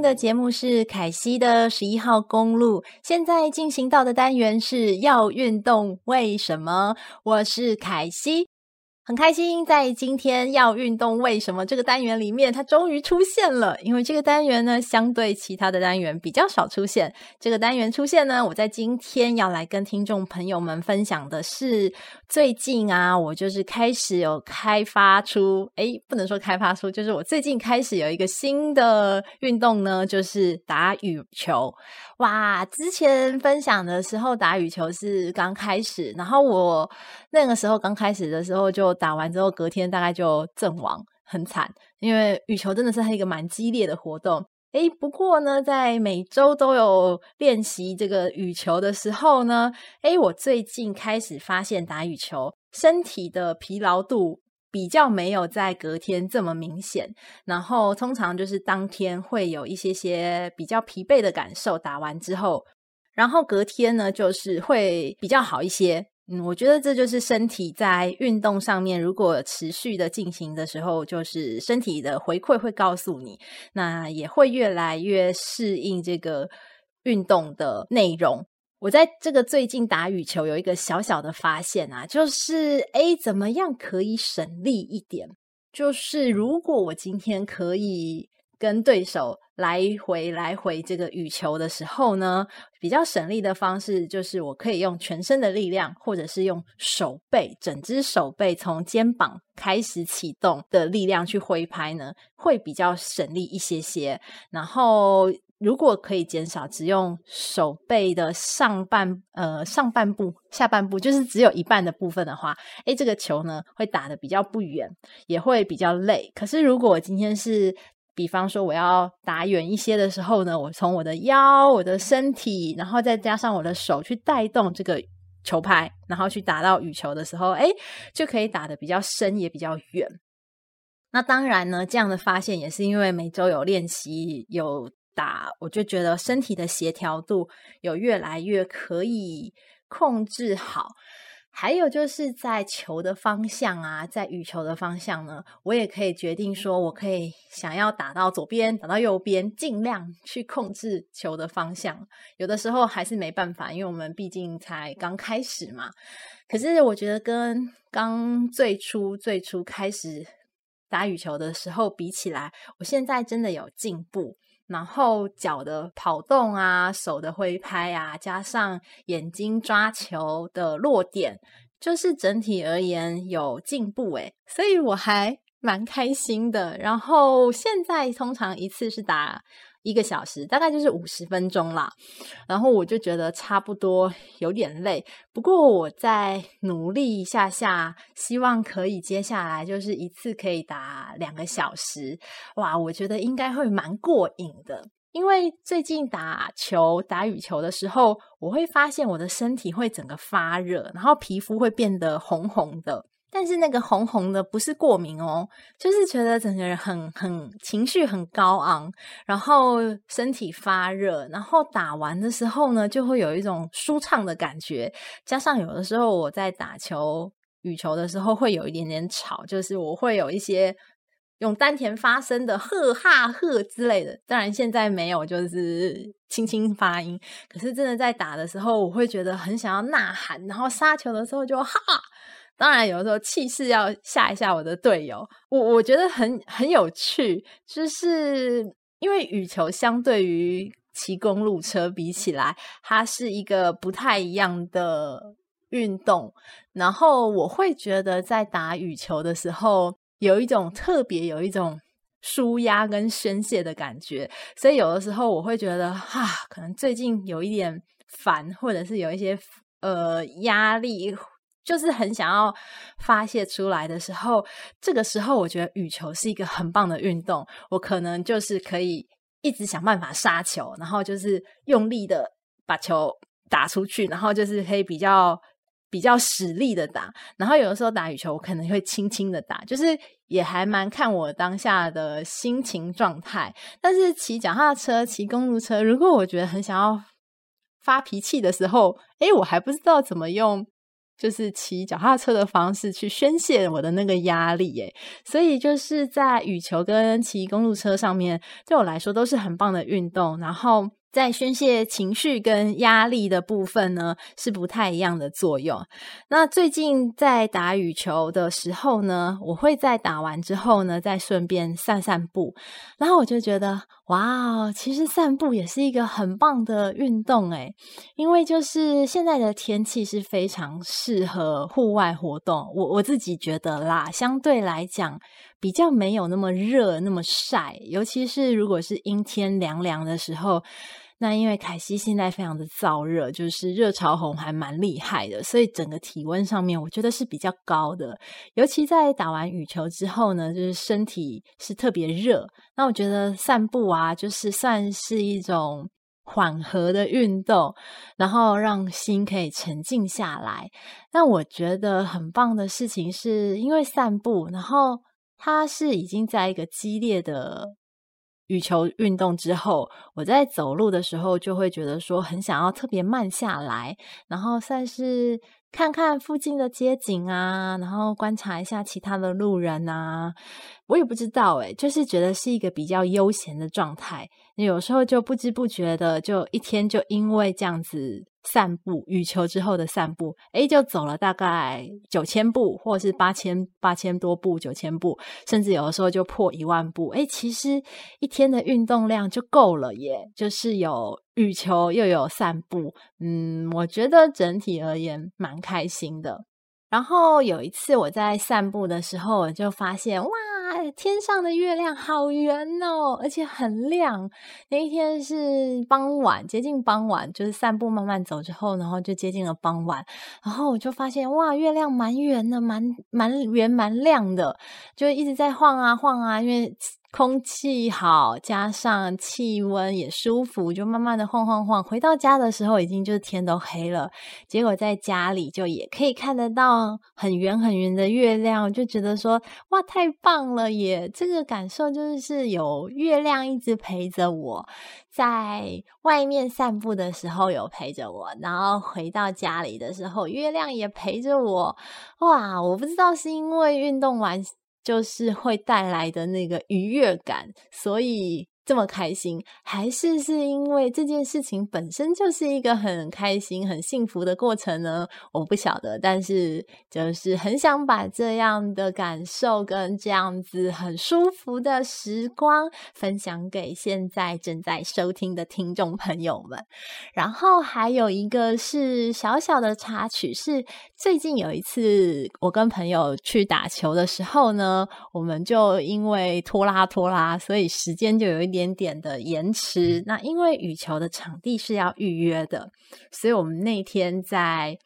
的節目是凱西的十一號公路，現在進行到的單元是要運動，為什麼？我是凱西。很開心，在今天要運動為什麼這個單元裡面它終於出現了。因為這個單元呢，相對其他的單元比較少出現。這個單元出現呢，我在今天要來跟聽眾朋友們分享的是，最近啊，我就是開始有開發出，誒、欸，不能說開發出，就是我最近開始有一個新的運動呢，就是打羽球。哇，之前分享的時候打羽球是剛開始，然後我那個時候剛開始的時候就。打完之後，隔天大概就陣亡，很慘。因為羽球真的是一個蠻激烈的活動。誒、欸，不過呢，在每周都有練習這個羽球的時候呢，誒、欸，我最近開始發現打羽球身體的疲勞度比較沒有在隔天這麼明顯。然後通常就是當天會有一些些比較疲憊的感受，打完之後，然後隔天呢就是會比較好一些。嗯，我覺得這就是身體在運動上面，如果持續的進行的時候，就是身體的回饋會告訴你，那也會越來越適應這個運動的內容。我在這個最近打羽球有一個小小的發現啊，就是，誒，怎麼樣可以省力一點？就是如果我今天可以跟對手。來回來回這個羽球的時候呢，比較省力的方式就是，我可以用全身的力量，或者是用手背，整只手背從肩膀開始啟動的力量去揮拍呢，會比較省力一些些。然後，如果可以減少只用手背的上半呃上半部、下半部，就是只有一半的部分的話，哎，這個球呢會打得比較不遠，也會比較累。可是如果我今天是。比方說，我要打遠一些的時候呢，我從我的腰、我的身體，然後再加上我的手去帶動這個球拍，然後去打到羽球的時候，誒，就可以打得比較深，也比較遠。那當然呢，這樣的發現也是因為每週有練習、有打，我就覺得身體的協調度有越來越可以控制好。還有就是在球的方向啊，在羽球的方向呢，我也可以決定說，我可以想要打到左邊，打到右邊，盡量去控制球的方向。有的時候還是沒辦法，因為我們畢竟才剛開始嘛。可是我覺得跟剛最初最初開始打羽球的時候比起來，我現在真的有進步。然後腳的跑動啊，手的揮拍啊，加上眼睛抓球的落點，就是整體而言有進步誒。所以我還蠻開心的。然後現在通常一次是打。一個小時，大概就是五十分鐘啦，然後我就覺得差不多有點累，不過我再努力一下下，希望可以接下來就是一次可以打兩個小時。哇，我覺得應該會蠻過癮的，因為最近打球打羽球的時候，我會發現我的身體會整個發熱，然後皮膚會變得紅紅的。但是那個紅紅的不是過敏哦，就是覺得整個人很很情緒很高昂，然後身體發熱，然後打完的時候呢，就會有一種舒暢的感覺。加上有的時候我在打球羽球的時候會有一點點吵，就是我會有一些用丹田發聲的“呵哈呵”之類的。當然現在沒有，就是輕輕發音。可是真的在打的時候，我會覺得很想要吶喊，然後殺球的時候就哈。當然，有的時候氣勢要嚇一嚇我的隊友。我我覺得很很有趣，就是因為羽球相對於騎公路車比起來，它是一個不太一樣的運動。然後我會覺得，在打羽球的時候，有一種特別有一種紓壓跟宣洩的感覺。所以有的時候我會覺得，哈、啊，可能最近有一點煩，或者是有一些呃壓力。就是很想要發洩出來的時候，這個時候我覺得羽球是一個很棒的運動。我可能就是可以一直想辦法殺球，然後就是用力的把球打出去，然後就是可以比較比較使力的打。然後有的時候打羽球，我可能會輕輕的打，就是也還蠻看我當下的心情狀態。但是騎腳踏車、騎公路車，如果我覺得很想要發脾氣的時候，誒，我還不知道怎麼用。就是騎腳踏車的方式去宣洩我的那個壓力，耶。所以就是在羽球跟騎公路車上面，對我來說都是很棒的運動，然後。在宣洩情緒跟壓力的部分呢，是不太一樣的作用。那最近在打羽球的時候呢，我會在打完之後呢，再順便散散步。然後我就覺得，哇，其實散步也是一個很棒的運動誒。因為就是現在的天氣是非常適合戶外活動。我我自己覺得啦，相對來講。比較沒有那麼熱，那麼曬，尤其是如果是陰天涼涼的時候，那因為凱西現在非常的燥熱，就是熱潮紅還蠻厲害的，所以整個體溫上面我覺得是比較高的。尤其在打完羽球之後呢，就是身體是特別熱。那我覺得散步啊，就是算是一種緩和的運動，然後讓心可以沉靜下來。那我覺得很棒的事情是因為散步，然後，他是已經在一個激烈的羽球運動之後，我在走路的時候就會覺得說很想要特別慢下來，然後算是看看附近的街景啊，然後觀察一下其他的路人啊。我也不知道欸，就是覺得是一個比較悠閒的狀態。有時候就不知不覺的，就一天就因為這樣子。散步，羽球之後的散步，誒，就走了大概九千步，或是八千八千多步，九千步，甚至有的時候就破一萬步。誒，其實一天的運動量就夠了，耶，就是有羽球又有散步，嗯，我覺得整體而言蠻開心的。然後有一次我在散步的時候，我就發現，哇！天上的月亮好圓哦，而且很亮。那一天是傍晚，接近傍晚，就是散步慢慢走之後，然後就接近了傍晚，然後我就發現，哇，月亮蠻圓的，蠻，蠻圓，蠻亮的，就一直在晃啊晃啊，因為。空氣好，加上氣溫也舒服，就慢慢的晃晃晃。回到家的時候，已經就天都黑了。結果在家裡就也可以看得到很圓很圓的月亮，就覺得說哇，太棒了耶！也這個感受就是有月亮一直陪着我，在外面散步的時候有陪着我，然後回到家裡的時候，月亮也陪着我。哇，我不知道是因為運動完。就是會帶來的那個愉悅感，所以。這麼開心，還是是因為這件事情本身就是一個很開心、很幸福的過程呢？我不曉得，但是就是很想把這樣的感受跟這樣子很舒服的時光分享給現在正在收聽的聽眾朋友們。然後還有一個是小小的插曲，是最近有一次我跟朋友去打球的時候呢，我們就因為拖拉拖拉，所以時間就有一點。一點點的延遲，那因為羽球的場地是要預約的，所以我們那天在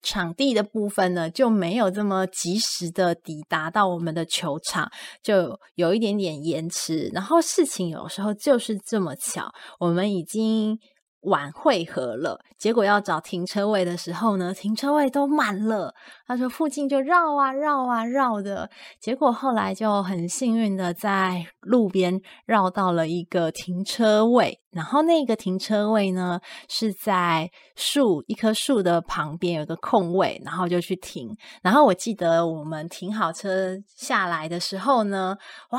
場地的部分呢，就沒有這麼及時的抵達到我們的球場，就有，有一點點延遲。然後事情有時候就是這麼巧，我們已經。晚匯合了，結果要找停車位的時候呢，停車位都滿了。他說附近就繞啊繞啊繞的，結果後來就很幸運的在路邊繞到了一個停車位。然後那個停車位呢，是在樹，一棵樹的旁邊有個空位，然後就去停。然後我記得我們停好車下來的時候呢，哇，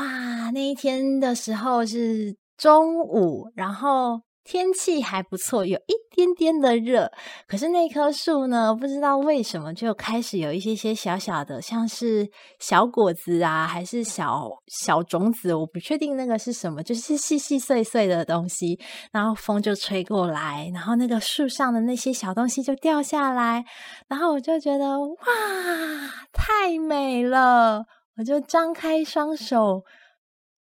那一天的時候是中午，然後。天氣還不錯，有一點點的熱。可是那棵樹呢，不知道為什麼就開始有一些些小小的，像是小果子啊，還是小小種子。我不確定那個是什麼，就是細細碎碎的東西。然後風就吹過來，然後那個樹上的那些小東西就掉下來。然後我就覺得，哇，太美了！我就張開雙手。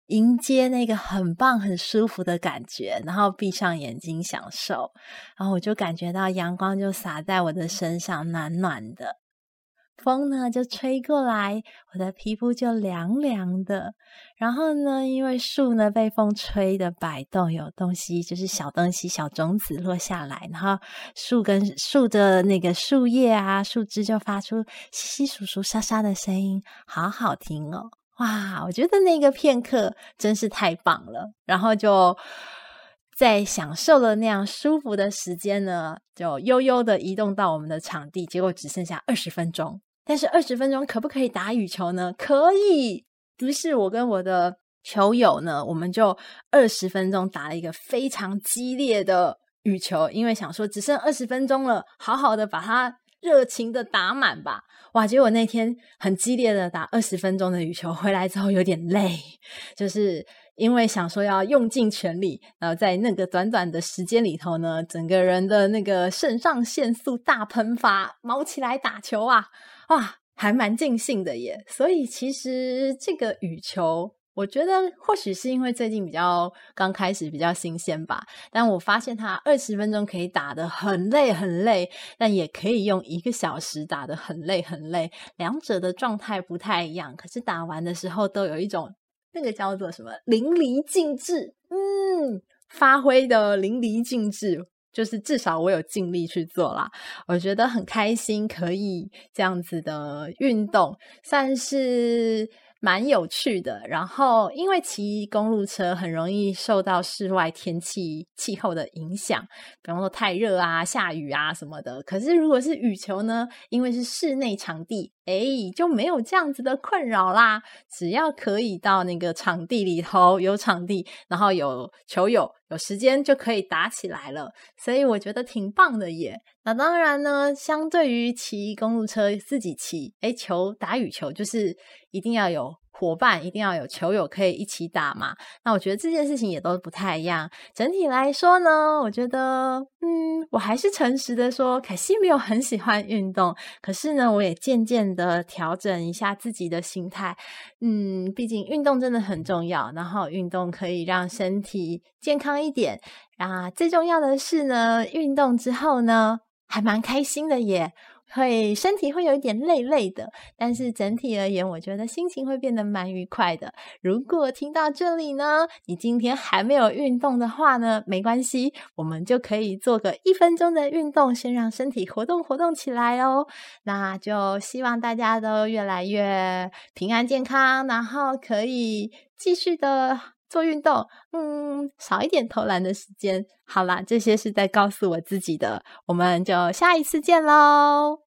迎接那個很棒、很舒服的感覺，然後閉上眼睛享受。然後我就感覺到陽光就灑在我的身上，暖暖的；風呢就吹過來，我的皮膚就涼涼的。然後呢，因為樹呢被風吹的擺動，有東西就是小東西、小種子落下來。然後樹跟、樹的那個樹葉啊、樹枝就發出窸窸窣窣、沙沙的聲音，好好聽哦。哇，我覺得那個片刻真是太棒了。然後就在享受了那樣舒服的時間呢，就悠悠的移動到我們的場地。結果只剩下二十分鐘，但是二十分鐘可不可以打羽球呢？可以。於是，我跟我的球友呢，我們就二十分鐘打了一個非常激烈的羽球，因為想說只剩二十分鐘了，好好的把它。熱情的打滿吧，哇！結果我那天很激烈的打二十分鐘的羽球，回來之後有點累，就是因為想說要用盡全力，然後在那個短短的時間裡頭呢，整個人的那個腎上腺素大噴發，毛起來打球啊，哇，還蠻盡興的耶。所以其實這個羽球。我覺得或許是因為最近比較剛開始比較新鮮吧，但我發現他二十分鐘可以打得很累很累，但也可以用一個小時打得很累很累，兩者的狀態不太一樣。可是打完的時候都有一種那個叫做什麼淋漓盡致，嗯，發揮的淋漓盡致，就是至少我有盡力去做啦。我覺得很開心，可以這樣子的運動算是蠻有趣的，然後因為騎公路車很容易受到室外天氣、氣候的影響，比方說太熱啊、下雨啊什麼的。可是如果是羽球呢？因為是室內場地。哎、欸，就沒有這樣子的困擾啦。只要可以到那個場地裡頭，有場地，然後有球友，有時間就可以打起來了。所以我覺得挺棒的耶。那當然呢，相對於騎公路車自己騎，哎、欸，球打羽球就是一定要有。夥伴，一定要有球友可以一起打嘛？那我覺得這件事情也都不太一樣。整體來說呢，我覺得，嗯，我還是誠實的說，可惜沒有很喜歡運動。可是呢，我也漸漸的調整一下自己的心態。嗯，畢竟運動真的很重要，然後運動可以讓身體健康一點。啊，最重要的是呢，運動之後呢，還蠻開心的耶。會身體會有一點累累的，但是整體而言，我覺得心情會變得蠻愉快的。如果聽到這裡呢，你今天還沒有運動的話呢，沒關係，我們就可以做個一分鐘的運動，先讓身體活動活動起來哦。那就希望大家都越來越平安健康，然後可以繼續的做運動，嗯，少一點偷懶的時間。好啦，這些是在告訴我自己的，我們就下一次見嘍。